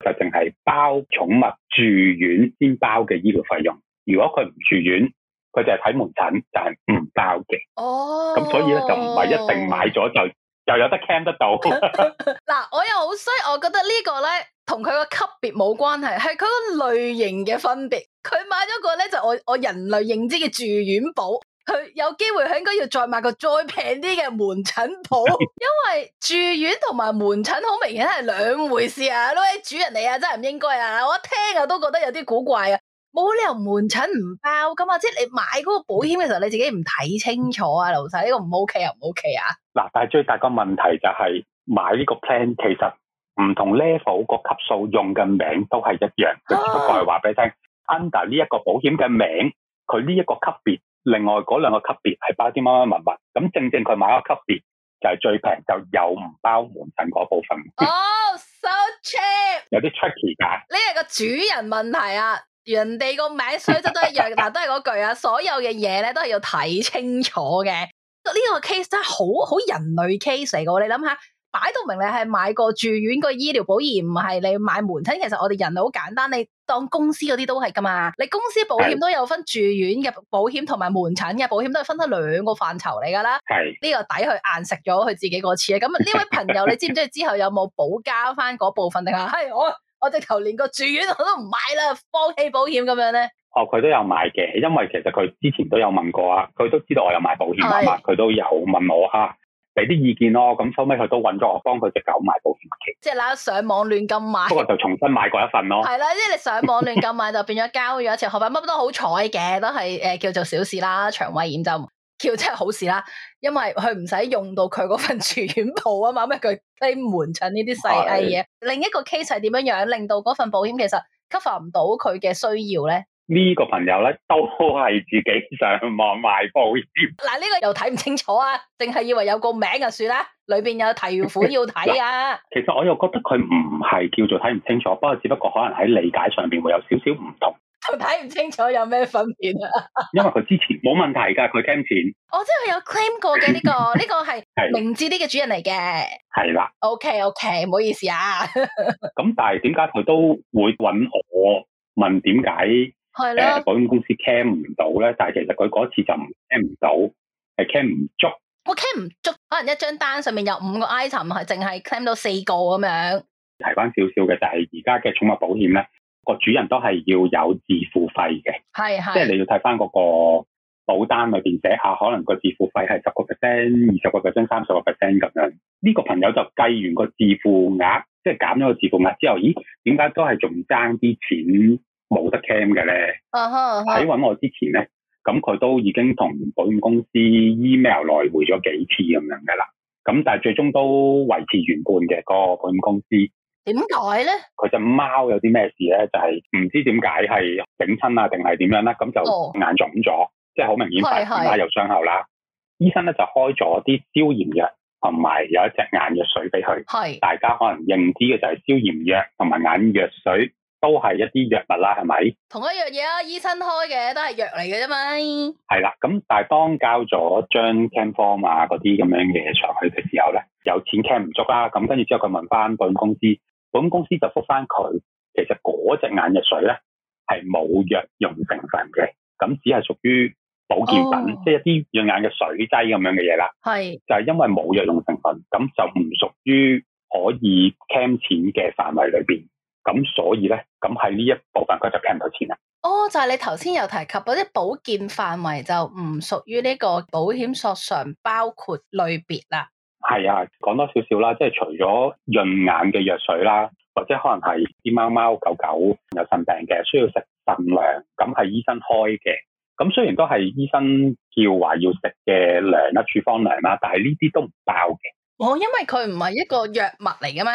就淨係包寵物住院先包嘅醫療費用。如果佢唔住院，佢就係睇門診，就係、是、唔包嘅。哦，咁所以咧就唔係一定買咗就又有得 can 得到。嗱， 我又好衰，我覺得個呢個咧同佢個級別冇關係，係佢個類型嘅分別。佢買咗個咧就是、我我人類認知嘅住院保。佢有機會佢應該要再買個再平啲嘅門診保，因為住院同埋門診好明顯係兩回事啊！老、哎、細主人嚟啊，真係唔應該啊！我一聽啊都覺得有啲古怪啊，冇理由門診唔包㗎嘛？即係你買嗰個保險嘅時候，你自己唔睇清楚啊， 老細呢、這個唔 OK 啊，唔 OK 啊！嗱，但係最大個問題就係買呢個 plan，其實唔同 level 個級數用嘅名都係一樣，佢只不過係話俾你聽 under 呢一個保險嘅名，佢呢一個級別。另外嗰兩個級別係包啲乜乜物物，咁正正佢買嗰級別就係最平，就又唔包門診嗰部分。哦、 oh,，so cheap，有啲出奇㗎。呢個係個主人問題啊，人哋個名雖則都一樣，嗱 都係嗰句啊，所有嘅嘢咧都係要睇清楚嘅。呢、呢個 case 真係好好人類 case 嚟噶，你諗下。擺到明你係買個住院個醫療保險，而唔係你買門診。其實我哋人好簡單，你當公司嗰啲都係噶嘛。你公司保險都有分住院嘅保險同埋門診嘅保險，都係分得兩個範疇嚟噶啦。係呢個抵去硬食咗佢自己嗰次啊！咁呢位朋友， 你知唔知之後有冇補交翻嗰部分，定係、哎、我我直頭連個住院我都唔買啦，放棄保險咁樣咧？哦，佢都有買嘅，因為其實佢之前都有問過啊，佢都知道我有買保險啊嘛，佢是都有問我啊。俾啲意見咯，咁收尾，佢都揾咗我幫佢隻狗買保險，即係嗱上網亂咁買。不過就重新買過一份咯。係啦，即係你上網亂咁買就變咗交咗 一次學費，乜都好彩嘅，都係誒、呃、叫做小事啦。腸胃炎就叫真係好事啦，因為佢唔使用到佢嗰份住院保啊嘛，咩佢啲門診呢啲細細嘢。 另一個 case 係點樣樣令到嗰份保險其實 cover 唔到佢嘅需要咧？呢個朋友咧都係自己上網買保險。嗱呢個又睇唔清楚啊，淨係以為有個名就算啦。裏邊有提款要睇啊。 其實我又覺得佢唔係叫做睇唔清楚，不過只不過可能喺理解上邊會有少少唔同。佢睇唔清楚有咩分別啊？ 因為佢之前冇問題噶，佢 claim 錢。哦，即係有 claim 過嘅，呢個呢個係明智啲嘅主人嚟嘅。係啦的。O K O K，唔好意思啊。咁 但係點解佢都會揾我問點解？係啦，保險公司 claim 唔到咧，但係其實佢嗰次就唔 claim 唔到，係 claim 唔足。我、哦、claim 唔足，可能一張單上面有五個 item，係淨係 claim 到四個咁樣。提翻少少嘅，就係而家嘅寵物保險咧，個主人都係要有自付費嘅，係是，即係你要睇翻嗰個保單裏邊寫下，可能個自付費係十個 percent、二十個 percent、三十個 percent 咁樣。呢、這個朋友就計完個自付額，即係減咗個自付額之後，咦？點解都係仲爭啲錢？冇得 cam 嘅咧、uh，喺、huh，揾、uh huh。我之前咧，咁佢都已經同保險公司 email 來回咗幾次咁樣嘅啦。咁但係最終都維持原判嘅個保險公司。點解咧？佢隻貓有啲咩事咧？就係、是、唔知點解係整親啊，定係點樣咧？咁就眼腫咗，哦、即係好明顯是發現啦，有傷口啦。醫生咧就開咗啲消炎藥同埋有一隻眼藥水俾佢。係是，大家可能認知嘅就係消炎藥同埋眼藥水。都係一啲藥物啦，係咪？同一樣嘢啊，醫生開嘅都係藥嚟嘅啫嘛，係啦，咁但係當交咗張 claim form 啊嗰啲咁樣嘅嘢上去嘅時候咧，有錢 claim 唔足啦、啊，咁跟住之後佢問翻保險公司，保險公司就覆翻佢，其實嗰隻眼藥水咧係冇藥用成分嘅，咁只係屬於保健品，即係、oh. 一啲養眼嘅水劑咁樣嘅嘢啦。係是就係因為冇藥用成分，咁就唔屬於可以 claim 錢嘅範圍裏邊，咁所以咧，咁喺呢一部分佢就賠唔到錢啦。哦，oh, 就係你頭先有提及嗰啲保健範圍就唔屬於呢個保險索償包括類別啦。係啊，講多少少啦，即係除咗潤眼嘅藥水啦，或者可能係啲貓貓狗狗有腎病嘅需要食腎糧，咁係醫生開嘅。咁雖然都係醫生叫話要食嘅糧啦、處方糧啦，但係呢啲都唔包嘅。我、哦、因為佢唔係一個藥物嚟噶嘛，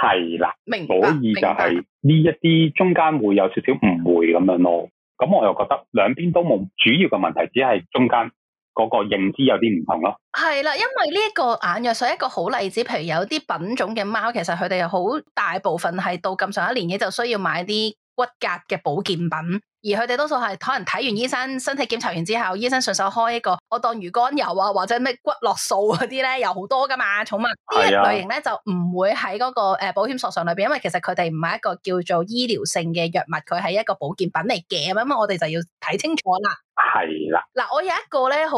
係啦，明白，所以就係呢一啲中間會有少少誤會咁樣咯。咁我又覺得兩邊都冇主要嘅問題，只係中間嗰個認知有啲唔同咯。係啦，因為呢一個眼藥水一個好例子，譬如有啲品種嘅貓，其實佢哋好大部分係到咁上一年紀就需要買啲骨骼嘅保健品，而佢哋多數係可能睇完醫生，身體檢查完之後，醫生順手開一個我當魚肝油啊，或者咩骨骼素嗰啲咧，有好多噶嘛，寵物呢一類型咧就唔會喺嗰個誒保險索上裏邊，因為其實佢哋唔係一個叫做醫療性嘅藥物，佢係一個保健品嚟嘅，咁咁我哋就要睇清楚的啦。係啦，嗱，我有一個咧好。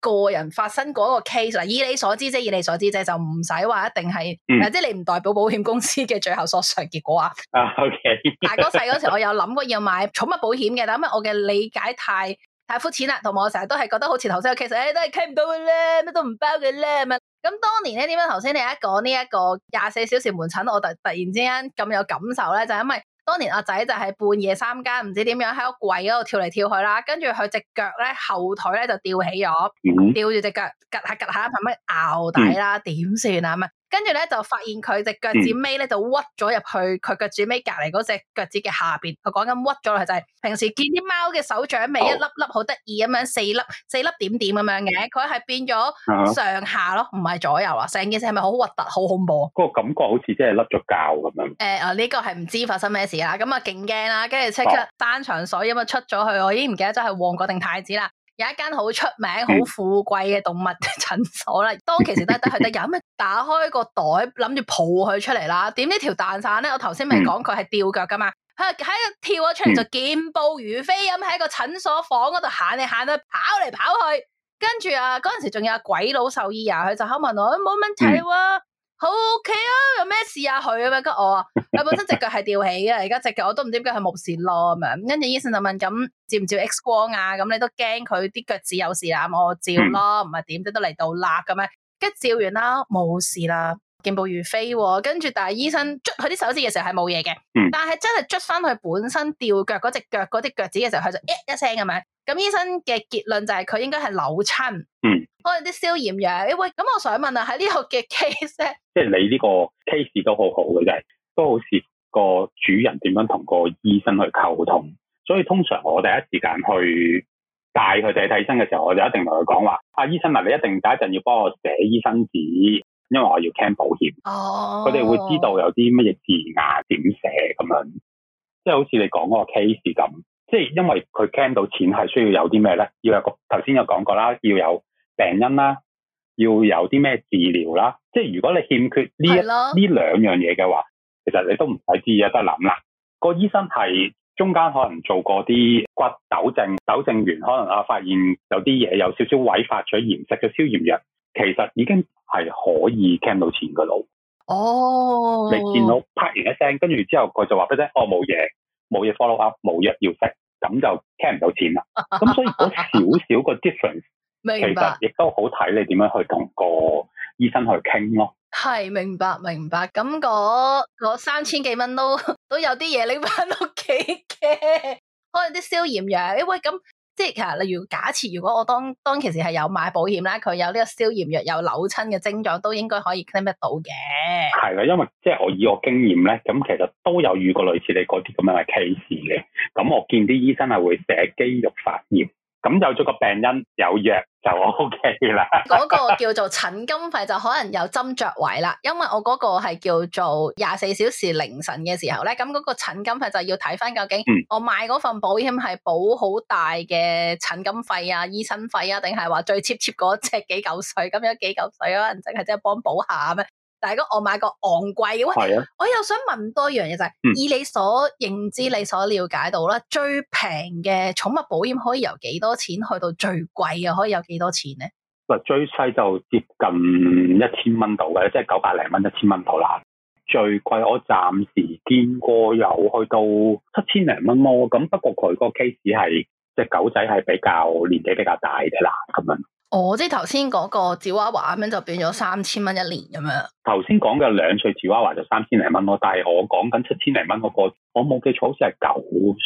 個人發生嗰個 case 以你所知啫，以你所知啫，就唔使話一定係、嗯、即係你唔代表保險公司嘅最後索償結果啊。啊，OK。 大哥細嗰時我有諗過要買寵物保險嘅，但係因為我嘅理解太太膚淺啦，同埋我成日都係覺得好似頭先，case 其實誒都係傾唔到嘅咧，乜都唔包嘅咧咁。 當年咧，點解頭先你一講呢一個廿四小時門診，我突突然之間咁有感受咧，就係、因為。當年阿仔就喺半夜三更唔知點樣喺個櫃嗰度跳嚟跳去啦，跟住佢隻腳咧後腿咧就吊起咗，吊住隻腳，𥄫 下 𥄫 下，問乜拗底啦？點算啊？咁啊、嗯！跟住咧就發現佢隻腳趾尾咧就屈咗入去，佢腳，腳趾尾隔離嗰隻腳趾嘅下邊。佢講緊屈咗落去就係、是、平時見啲貓嘅手掌尾一粒粒好得意咁樣，四粒四粒點點咁樣嘅，佢係變咗上下咯，唔係左右啊！成件事係咪好核突、好恐怖？嗰個感覺好似真係甩咗膠咁樣。誒啊、呃！呢、呃這個係唔知發生咩事啦，咁啊勁驚啦，跟住即刻單場所咁啊出咗去，我已經唔記得真係旺角定太子啦。有一間好出名、好富貴嘅動物診所啦，當其時都係得佢得入，咁打開個袋，諗住抱佢出嚟啦。點知條蛋散咧？我頭先咪講佢係吊腳噶嘛，佢喺度跳咗出嚟就健步如飛咁喺個診所房嗰度行嚟行去，跑嚟跑去。跟住啊，嗰陣時仲有鬼佬獸醫啊，佢就敲問我，冇、哎、問題喎、啊。嗯好 OK 啊，有咩事啊？佢咁樣跟我話，佢本身隻腳係吊起嘅，而家隻腳我都唔知點解係冇事咯咁樣。跟、嗯、住醫生就問咁照唔照 X 光啊？咁你都驚佢啲腳趾有事啊？我照咯，唔係點都都嚟到啦咁樣。跟住照完啦，冇事啦，健步如飛、哦。跟住但係醫生捽佢啲手指嘅時候係冇嘢嘅，嗯、但係真係捽翻佢本身吊腳嗰隻腳嗰啲腳趾嘅時候，佢就一聲咁樣。咁、嗯、醫生嘅結論就係佢應該係扭親。嗯我哋啲消炎藥、欸，喂，咁我想問啊，喺呢度嘅 case 咧，即係你呢個 case 都，都好好嘅，就係都好似個主人點樣同個醫生去溝通。所以通常我第一時間去帶佢哋去睇醫生嘅時候，我就一定同佢講話：，阿、啊、醫生啊，你一定第一陣要幫我寫醫生紙，因為我要 claim 保險。哦，佢哋會知道有啲乜嘢字眼，點寫咁樣，即係好似你講嗰個 case 咁，即係因為佢 claim 到錢係需要有啲咩咧？要有個頭先有講過啦，要有。病因啦，要有啲咩治療啦，即係如果你欠缺呢一呢兩的樣嘢嘅話，其實你都唔使自己有得諗啦。個醫生係中間可能做過啲骨糾正，糾正完可能啊發現有啲嘢有少少毀發嘴炎，食嘅消炎藥其實已經係可以 claim 到錢嘅。oh. 到。哦，你見到啪完一聲，跟住之後佢就話，畀你聽，我冇嘢，冇嘢 follow up，冇藥要食，咁就 claim 唔到錢啦。咁所以嗰少少個 difference。其實亦都好睇你點樣去同個醫生去傾咯。係明白明白，咁嗰嗰三千幾蚊都都有啲嘢拎翻屋企嘅，可能啲消炎藥。誒、欸、喂，咁即係其實例如假設如果我當當時係有買保險啦，佢有呢個消炎藥有扭親嘅症狀，都應該可以 claim 得到嘅。係啦，因為即係我以我經驗咧，咁其實都有遇過類似你嗰啲咁樣嘅 case 嘅。咁我見啲醫生係會寫肌肉發炎。咁有咗個病因有藥就 O K 啦。嗰個叫做診金費就可能有斟酌位啦，因為我嗰個係叫做廿四小時凌晨嘅時候咧，咁嗰個診金費就要睇翻究竟我買嗰份保險係保好大嘅診金費啊、醫生費啊，定係話最 cheap cheap 嗰隻幾嚿水？咁有幾嚿水可能淨係真係幫補下咩？大哥，我買個昂貴嘅，我，喂，係啊，我又想問多一樣嘢就係、是，嗯、以你所認知、你所了解到啦，最平嘅寵物保險可以由幾多錢去到最貴嘅可以有幾多錢咧？嗱，最細就接近一千蚊度嘅，即係九百零蚊、一千蚊度啦。最貴我暫時見過有去到七千零蚊咯，咁不過佢個 case 係隻狗仔係比較年紀比較大嘅啦，咁樣。哦，即係頭先嗰個娃娃咁樣就變咗三千蚊一年咁樣。頭先講嘅兩歲娃娃就三千零蚊咯，但係我講緊七千零蚊個個，我冇記錯好似係九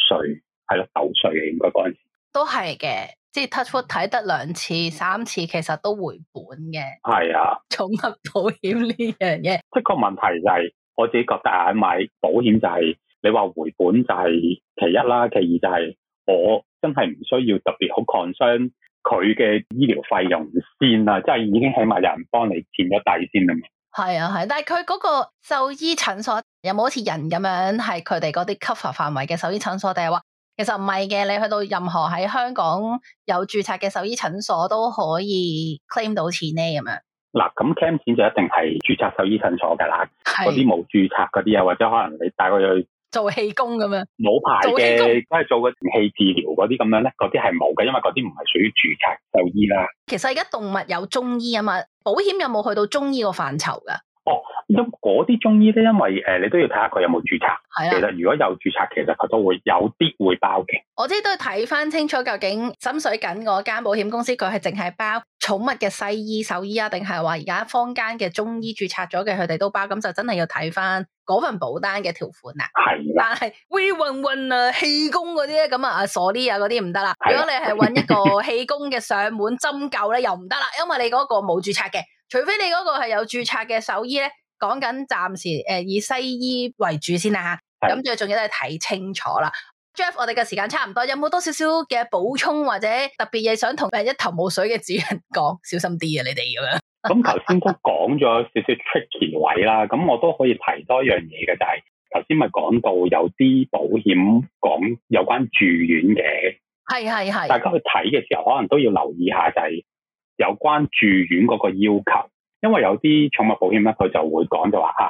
歲，係咯，九歲應該嗰陣時。都係嘅，即係 touch wood 睇得兩次、三次，其實都回本嘅。係啊的，寵物保險呢樣嘢，的確問題就係我自己覺得喺買保險就係、是、你話回本就係其一啦，其二就係我真係唔需要特別好 concern。佢嘅醫療費用先啊，即係已經起碼有人幫你填咗底先啦嘛。係啊係、啊，但係佢嗰個獸醫診所有冇好似人咁樣係佢哋嗰啲 cover 範圍嘅獸醫診所？定係話其實唔係嘅，你去到任何喺香港有註冊嘅獸醫診所都可以 claim 到錢呢？咁、啊、樣嗱，咁 claim 錢就一定係註冊獸醫診所㗎啦。嗰啲冇註冊嗰啲啊，或者可能你帶佢去。做氣功咁樣，冇牌嘅，都係做個氣治療嗰啲咁樣咧，嗰啲係冇嘅，因為嗰啲唔係屬於註冊獸醫啦。其實而家動物有中醫啊嘛，保險有冇去到中醫個範疇噶？哦，咁嗰啲中醫咧，因為誒、呃，你都要睇下佢有冇注冊。係啊的，其實如果有注冊，其實佢都會有啲會包嘅。我知都要睇翻清楚，究竟心水緊嗰間保險公司，佢係淨係包寵物嘅西醫、獸醫啊，定係話而家坊間嘅中醫注冊咗嘅，佢哋都包。咁就真係要睇翻嗰份保單嘅條款啦。係的但係，we run run 啊，氣功嗰啲咁啊，索尼啊傻啲啊嗰啲唔得啦。是的 如果你係搵一個氣功嘅上門針灸咧，又唔得啦，因為你嗰個冇注冊嘅。除非你嗰個係有註冊嘅獸醫咧，講緊暫時誒、呃、以西醫為主先啦吓。咁最重要都係睇清楚啦。Jeff，我哋嘅時間差唔多，有冇多少少嘅補充或者特別嘢，想同一頭霧水嘅主人講？小心啲啊，你哋咁樣。咁頭先都講咗少少 tricky 位啦，咁我都可以提多一樣嘢嘅，就係頭先咪講到有啲保險講有關住院嘅，係係係，大家去睇嘅時候可能都要留意下就係、是。有關住院嗰個要求，因為有啲寵物保險咧，佢就會講就話啊，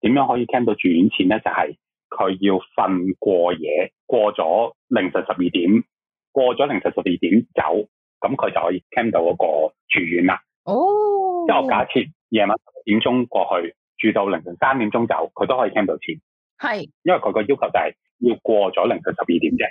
點樣可以 claim 到住院錢咧？就係、是、佢要瞓過夜，過咗凌晨十二點，過咗凌晨十二點走，咁、嗯、佢就可以 claim 到嗰個住院啦。哦、oh.，即係我假設夜晚十點鐘過去，住到凌晨三點鐘走，佢都可以 claim 到錢。係，oh. 因為佢個要求就係、是、要過咗凌晨十二點啫。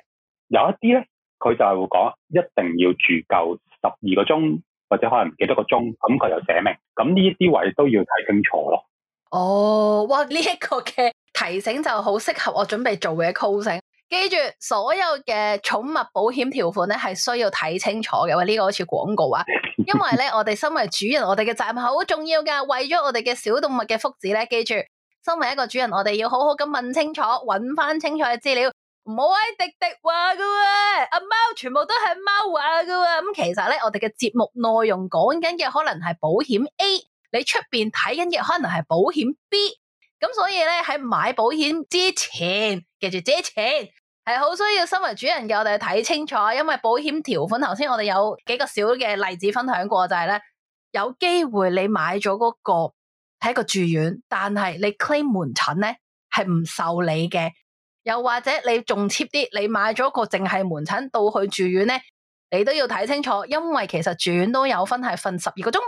有一啲咧，佢就係會講，一定要住夠十二個鐘。或者可能幾多個鐘咁佢又寫明咁呢啲位都要睇清楚咯。哦，哇！呢、這、一個嘅提醒就好適合我準備做嘅 calling。記住所有嘅寵物保險條款咧，係需要睇清楚嘅。喂，呢個好似廣告啊！因為咧， 我哋身為主人，我哋嘅責任好重要噶。為咗我哋嘅小動物嘅福祉咧，記住，身為一個主人，我哋要好好咁問清楚，搵翻清楚嘅資料。唔好喺廸廸話噶喎，阿貓全部都係貓話噶喎。咁其實咧，我哋嘅節目內容講緊嘅可能係保險 A，你出邊睇緊嘅可能係保險 B。咁所以咧，喺買保險之前，記住借錢係好需要身為主人嘅我哋睇清楚，因為保險條款頭先我哋有幾個小嘅例子分享過，就係咧有機會你買咗嗰個係一個住院，但係你 claim 門診咧係唔受理嘅。又或者你仲 cheap 啲，你買咗個淨係門診到去住院咧，你都要睇清楚，因為其實住院都有分係瞓十二個鐘，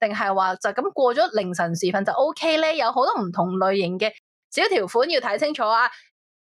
定係話就咁過咗凌晨時分就 OK 咧，有好多唔同類型嘅小條款要睇清楚啊。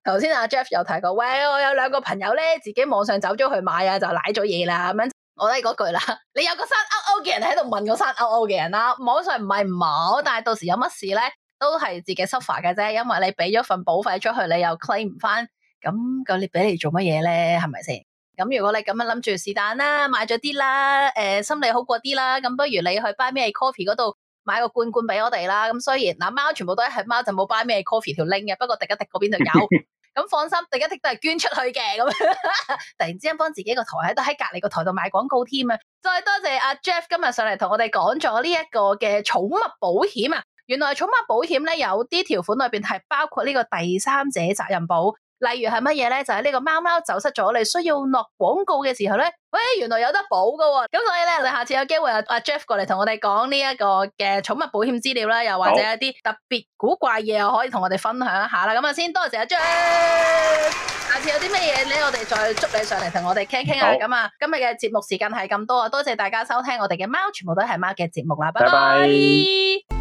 頭先阿 Jeff 又提過，喂，我有兩個朋友咧，自己網上走咗去買啊，就瀨咗嘢啦咁樣。我都係嗰句啦，你有個生勾勾嘅人喺度問個生勾勾嘅人啦，網上唔係唔好，但係到時有乜事咧？都係自己 suffer 嘅啫，因為你俾咗份保費出去，你又 claim 唔翻，咁咁你俾你做乜嘢咧？係咪先？咁如果你咁樣諗住是但啦，買咗啲啦，誒、呃，心理好過啲啦，咁不如你去 buy 咩 coffee 嗰度買個罐罐俾我哋啦。咁雖然嗱，貓全部都係貓，就冇 buy 咩 coffee 條 link 嘅，不過迪一迪嗰邊就有，咁放心，迪一迪都係捐出去嘅，咁 突然之間幫自己個台喺度喺隔籬個台度買廣告添啊！再多謝阿 Jeff 今日上嚟同我哋講咗呢一個嘅寵物保險啊！原來寵物保險咧，有啲條款裏邊係包括呢個第三者責任保，例如係乜嘢咧？就喺、是、呢個貓貓走失咗，你需要落廣告嘅時候咧，喂，原來有得保噶、哦，咁所以咧，你下次有機會阿、啊、Jeff 過嚟同我哋講呢一個嘅寵物保險資料啦，又或者一啲特別古怪嘢，可以同我哋分享一下啦。咁啊，先多謝阿、啊、Jeff，下次有啲乜嘢咧，我哋再捉你上嚟同我哋傾傾啊。咁好啊，今日嘅節目時間係咁多啊，多謝大家收聽我哋嘅《貓全部都係貓》嘅節目啦，拜拜。拜拜。